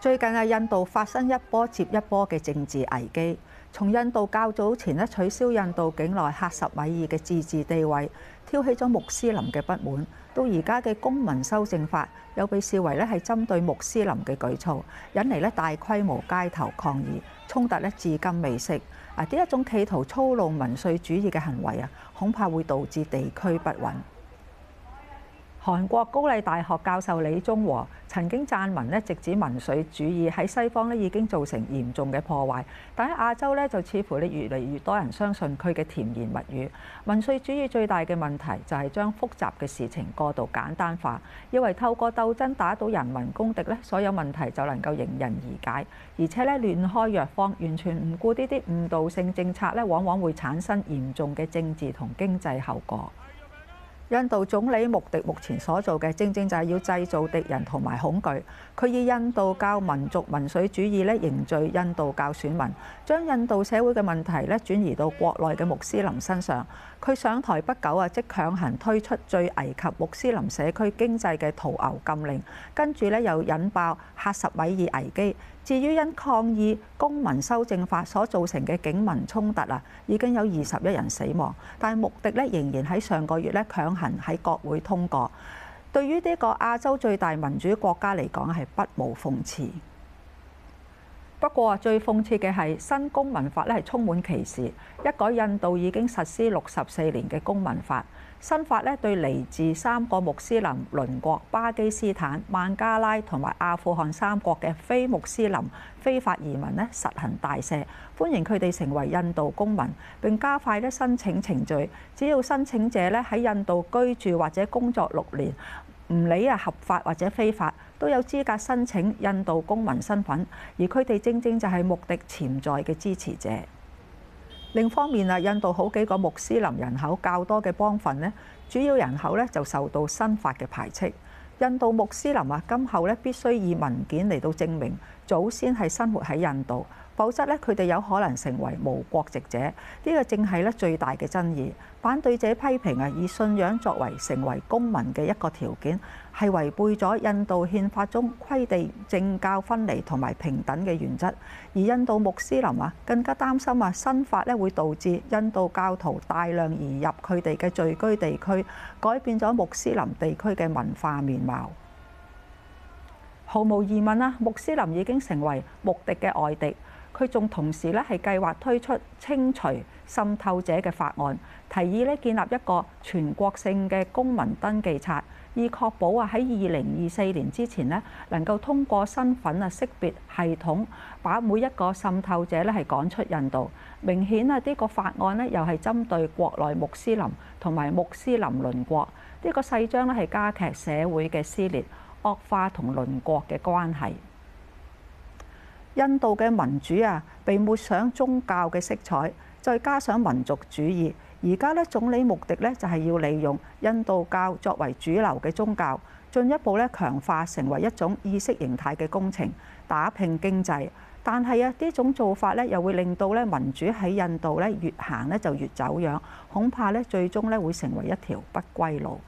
最近啊，印度發生一波接一波嘅政治危機。從印度較早前咧取消印度境內喀什米爾嘅自治地位，挑起咗穆斯林嘅不滿，到而家嘅公民修正法又被視為咧係針對穆斯林嘅舉措，引嚟咧大規模街頭抗議，衝突咧至今未息。啊，呢一種企圖操弄民粹主義嘅行為啊，恐怕會導致地區不穩。韓國高麗大學教授李忠和曾經撰文，咧，直指民粹主義喺西方咧已經造成嚴重嘅破壞，但喺亞洲咧就似乎你越嚟越多人相信佢嘅甜言蜜語。民粹主義最大嘅問題就係將複雜嘅事情過度簡單化，以為透過鬥爭打倒人民公敵咧，所有問題就能夠迎刃而解，而且咧亂開藥方，完全唔顧呢啲誤導性政策咧，往往會產生嚴重嘅政治同經濟後果。印度總理穆迪目前所做嘅，正正就係要製造敵人同埋恐懼。佢以印度教民族民粹主義咧凝聚印度教選民，將印度社會嘅問題咧轉移到國內嘅穆斯林身上。佢上台不久啊，即強行推出最危及穆斯林社區經濟嘅屠牛禁令，跟住咧又引爆克什米爾危機。至於因抗議公民修正法所造成嘅警民衝突啊，已經有二十一人死亡，但係目的咧仍然喺上個月咧強行喺國會通過，對於呢個亞洲最大民主國家嚟講係不無諷刺。不過最諷刺嘅係新公民法咧係充滿歧視，一改印度已經實施六十四年嘅公民法，新法咧對嚟自三個穆斯林鄰國巴基斯坦、孟加拉同埋阿富汗三國嘅非穆斯林非法移民咧實行大赦，歡迎佢哋成為印度公民並加快咧申請程序，只要申請者咧喺印度居住或者工作六年。唔理啊合法或者非法，都有資格申請印度公民身份，而佢哋正正就係目的潛在嘅支持者。另一方面啊，印度好幾個穆斯林人口較多嘅邦份咧，主要人口咧就受到新法嘅排斥。印度穆斯林啊，今後咧必須以文件嚟到證明祖先係生活喺印度。否則咧，佢哋有可能成為無國籍者。呢個正係咧最大嘅爭議。反對者批評啊，以信仰作為成為公民嘅一個條件，係違背咗印度憲法中規定政教分離同埋平等嘅原則。而印度穆斯林啊，更加擔心話新法咧會導致印度教徒大量移入佢哋嘅聚居地區，改變咗穆斯林地區嘅文化面貌。毫無疑問啦，穆斯林已經成為穆迪嘅外敵。佢仲同時咧係計劃推出清除滲透者嘅法案，提議咧建立一個全國性嘅公民登記冊，以確保啊喺二零二四年之前咧能夠通過身份啊識別系統，把每一個滲透者咧係趕出印度。明顯啊，呢個法案咧又係針對國內穆斯林同埋穆斯林鄰國，呢、這個細章咧係加劇社會嘅撕裂、惡化同鄰國嘅關係。印度嘅民主啊，被抹上宗教嘅色彩，再加上民族主義。而家咧總理穆迪咧就係要利用印度教作為主流嘅宗教，進一步咧強化成為一種意識形態嘅工程，打拼經濟。但係啊，呢種做法咧又會令到咧民主喺印度咧越行咧就越走樣，恐怕咧最終咧會成為一條不歸路。